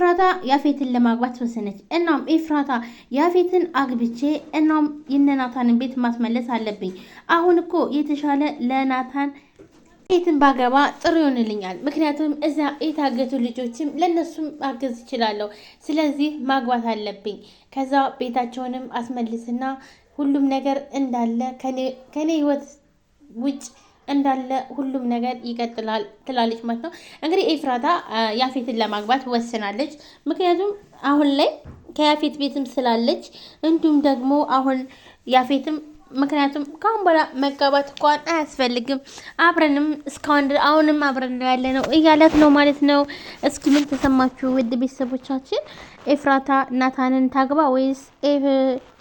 ኤፍራታ ያፌትን ለማግባት ወሰነች። እናም ኤፍራታ ያፌትን አግብቼ እናም የነናታንን ቤት ማስመለስ አለብኝ። አሁን እኮ የተሻለ ለናታን ቤትን ባገባ ጥሩ ይሆንልኛል። ምክንያቱም እዛ የታገቱ ልጆችም ለእነሱም አገዝ እችላለሁ። ስለዚህ ማግባት አለብኝ። ከዛ ቤታቸውንም አስመልስና ሁሉም ነገር እንዳለ ከኔ ህይወት ውጭ እንዳለ ሁሉም ነገር ይቀጥላል ትላለች ማለት ነው። እንግዲህ ኤፍራታ ያፌትን ለማግባት ወስናለች። ምክንያቱም አሁን ላይ ከያፌት ቤትም ስላለች እንዲሁም ደግሞ አሁን ያፌትም ምክንያቱም ከአሁን በኋላ መጋባት እንኳን አያስፈልግም፣ አብረንም እስካሁን አሁንም አብረን ነው ያለ ነው እያለት ነው ማለት ነው። እስኪ ምን ተሰማችሁ ውድ ቤተሰቦቻችን? ኤፍራታ ናታንን ታግባ ወይስ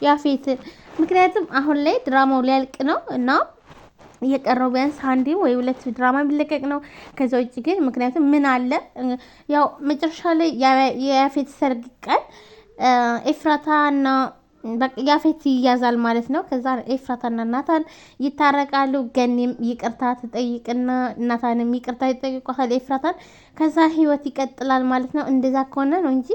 ያፌትን? ምክንያቱም አሁን ላይ ድራማው ሊያልቅ ነው እና እየቀረው ቢያንስ አንድ ወይ ሁለት ድራማ የሚለቀቅ ነው። ከዛ ውጭ ግን ምክንያቱም ምን አለ ያው መጨረሻ ላይ የያፌት ሰርግ ቀን ኤፍራታ እና በቃ ያፌት ይያዛል ማለት ነው። ከዛ ኤፍራታና ናታን ይታረቃሉ። ገኒም ይቅርታ ትጠይቅና ናታንም ይቅርታ ይጠይቋታል ኤፍራታን። ከዛ ህይወት ይቀጥላል ማለት ነው። እንደዛ ከሆነ ነው እንጂ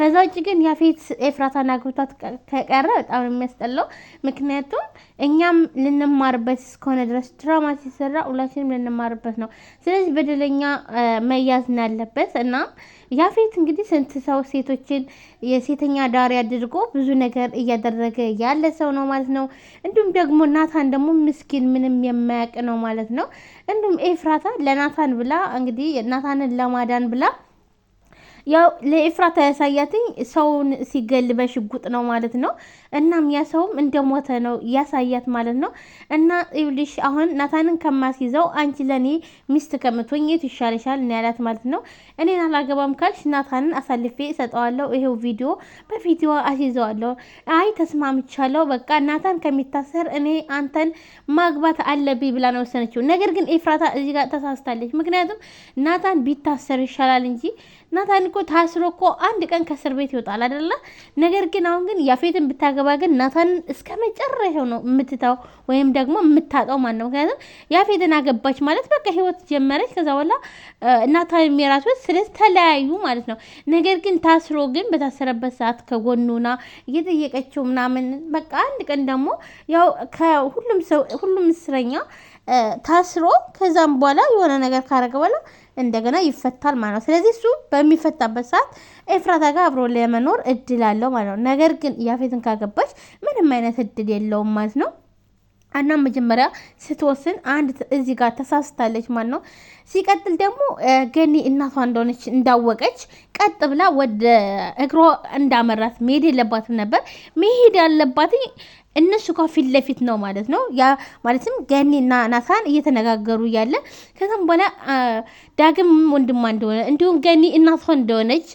ከዛ ውጭ ግን ያፌት ኤፍራታን አግብቷት ከቀረ በጣም ነው የሚያስጠላው። ምክንያቱም እኛም ልንማርበት እስከሆነ ድረስ ድራማ ሲሰራ ሁላችንም ልንማርበት ነው። ስለዚህ በደለኛ መያዝ ነው ያለበት እና ያፌት እንግዲህ ስንት ሰው ሴቶችን የሴተኛ ዳሪ አድርጎ ብዙ ነገር እያደረገ ያለ ሰው ነው ማለት ነው። እንዲሁም ደግሞ ናታን ደግሞ ምስኪን ምንም የማያውቅ ነው ማለት ነው። እንዲሁም ኤፍራታ ለናታን ብላ እንግዲህ ናታንን ለማዳን ብላ ያው ለኤፍራታ ያሳያትኝ ሰውን ሲገል በሽጉጥ ነው ማለት ነው። እናም ያ ሰውም እንደሞተ ነው ያሳያት ማለት ነው። እና ይኸውልሽ አሁን ናታንን ከማስይዘው አንቺ ለእኔ ሚስት ከምትሆኝ የቱ ይሻልሻል? እና ያላት ማለት ነው። እኔን አላገባም ካልሽ ናታንን አሳልፌ እሰጠዋለሁ። ይሄው ቪዲዮ በቪዲዮ አስይዘዋለሁ። አይ ተስማምቻለሁ፣ በቃ ናታን ከሚታሰር እኔ አንተን ማግባት አለብኝ ብላ ነው ወሰነችው። ነገር ግን ኤፍራታ እዚህ ጋር ተሳስታለች። ምክንያቱም ናታን ቢታሰር ይሻላል እንጂ ናታን እኮ ታስሮ እኮ አንድ ቀን ከእስር ቤት ይወጣል አይደለ? ነገር ግን አሁን ግን ያፌትን ብታገባ ግን ናታንን እስከ መጨረሻው ነው የምትተው ወይም ደግሞ የምታጣው ማን ነው? ምክንያቱም ያፌትን አገባች ማለት በቃ ህይወት ጀመረች። ከዛ በኋላ እናታ የሚራሱ ስለዚህ ስለተለያዩ ማለት ነው። ነገር ግን ታስሮ ግን በታሰረበት ሰዓት ከጎኑና እየጠየቀችው ምናምን በቃ አንድ ቀን ደግሞ ያው ከሁሉም ሰው ሁሉም እስረኛ ታስሮ ከዛም በኋላ የሆነ ነገር ካረገ በኋላ እንደገና ይፈታል ማለት ነው። ስለዚህ እሱ በሚፈታበት ሰዓት ኤፍራታ ጋር አብሮ ለመኖር እድል አለው ማለት ነው። ነገር ግን ያፌትን ካገባች ምንም አይነት እድል የለውም ማለት ነው። እና መጀመሪያ ስትወስን አንድ እዚህ ጋር ተሳስታለች ማለት ነው። ሲቀጥል ደግሞ ገኒ እናቷ እንደሆነች እንዳወቀች ቀጥ ብላ ወደ እግሮ እንዳመራት መሄድ የለባትም ነበር። መሄድ ያለባት እነሱ ጋር ፊት ለፊት ነው ማለት ነው። ያ ማለትም እና ናታን እየተነጋገሩ እያለ ከዛም በኋላ ዳግም ወንድሟ እንደሆነ እንዲሁም ገኒ እናቷ እንደሆነች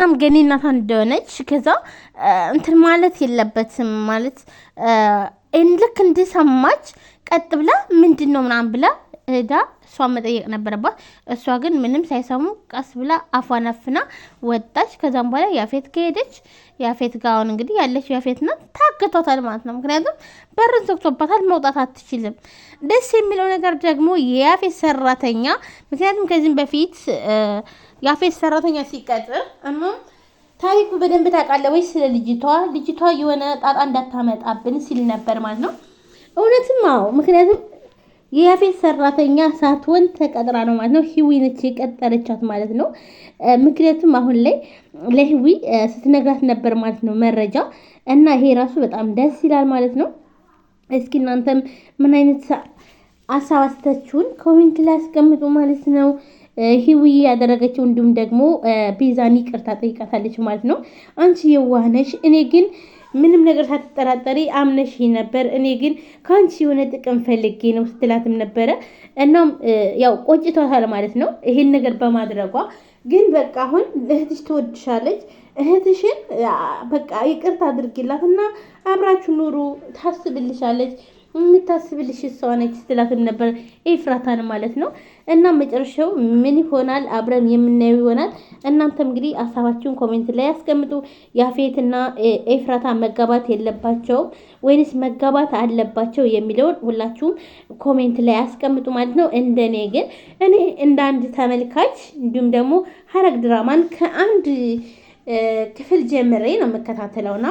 በጣም ገኔናታ እንደሆነች ከዛ እንትን ማለት የለበትም ማለት ልክ እንደሰማች ቀጥ ብላ ምንድን ነው ምናምን ብላ እዳ እሷ መጠየቅ ነበረባት። እሷ ግን ምንም ሳይሰሙ ቀስ ብላ አፏነፍና ወጣች። ከዛም በኋላ ያፌት ከሄደች ያፌት ጋር አሁን እንግዲህ ያለች ያፌት ናት። ታግቷታል ማለት ነው። ምክንያቱም በርን ዘግቶባታል፣ መውጣት አትችልም። ደስ የሚለው ነገር ደግሞ የያፌት ሰራተኛ ምክንያቱም ከዚህም በፊት ያፌት ሰራተኛ ሲቀጥር እሙም ታሪኩ በደንብ ታውቃለህ ወይ ስለ ልጅቷ ልጅቷ የሆነ ጣጣ እንዳታመጣብን ሲል ነበር ማለት ነው። እውነትም አዎ ምክንያቱም የያፌት ሰራተኛ ሳትሆን ተቀጥራ ነው ማለት ነው። ህዊ ነች የቀጠረቻት ማለት ነው። ምክንያቱም አሁን ላይ ለህዊ ስትነግራት ነበር ማለት ነው መረጃ እና ይሄ ራሱ በጣም ደስ ይላል ማለት ነው። እስኪ እናንተም ምን አይነት አሳብ አስተችሁን ኮሜንት ላይ አስቀምጡ ማለት ነው። ህዊ ያደረገችው እንዲሁም ደግሞ ቤዛን ይቅርታ ጠይቃታለች ማለት ነው። አንቺ የዋህ ነሽ እኔ ግን ምንም ነገር ሳትጠራጠሪ አምነሽ ነበር። እኔ ግን ከአንቺ የሆነ ጥቅም ፈልጌ ነው ስትላትም ነበረ። እናም ያው ቆጭቷታል ማለት ነው ይሄን ነገር በማድረጓ። ግን በቃ አሁን እህትሽ ትወድሻለች። እህትሽን በቃ ይቅርታ አድርጊላት እና አብራችሁ ኑሩ። ታስብልሻለች የምታስብልሽ እሷ ነች ስትላትም ነበር ኤፍራታን ማለት ነው። እና መጨረሻው ምን ይሆናል አብረን የምናየው ይሆናል። እናንተም እንግዲህ ሀሳባችሁን ኮሜንት ላይ ያስቀምጡ። ያፌትና ኤፍራታ መጋባት የለባቸውም ወይንስ መጋባት አለባቸው የሚለውን ሁላችሁም ኮሜንት ላይ ያስቀምጡ ማለት ነው። እንደኔ ግን እኔ እንደ አንድ ተመልካች እንዲሁም ደግሞ ሀረግ ድራማን ከአንድ ክፍል ጀምሬ ነው የምከታተለውና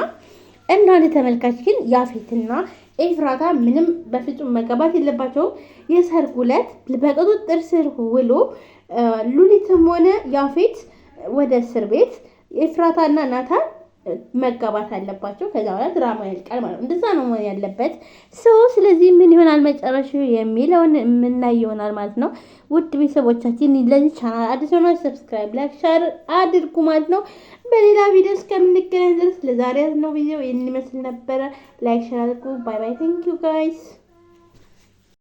እንደ አንድ ተመልካች ግን ያፌትና ኤፍራታ ምንም በፍጹም መቀባት የለባቸው። የሰርጉ ዕለት በቁጥጥር ስር ውሎ ሉሊትም ሆነ ያፌት ወደ እስር ቤት ኤፍራታ እና ናታን መጋባት አለባቸው። ከዛ በኋላ ድራማ ያልቃል ማለት ነው። እንደዛ ነው መሆን ያለበት ሰው። ስለዚህ ምን ይሆናል መጨረሻው የሚለውን የምናይ ይሆናል ማለት ነው። ውድ ቤተሰቦቻችን ለዚህ ቻናል አዲስ ሆናችሁ ሰብስክራይብ፣ ላይክ፣ ሻር አድርጉ ማለት ነው። በሌላ ቪዲዮ እስከምንገናኝ ድረስ ለዛሬ ያዝነው ቪዲዮ ይህን ይመስል ነበረ። ላይክ ሻር አድርጉ። ባይ ባይ። ቴንክ ዩ ጋይስ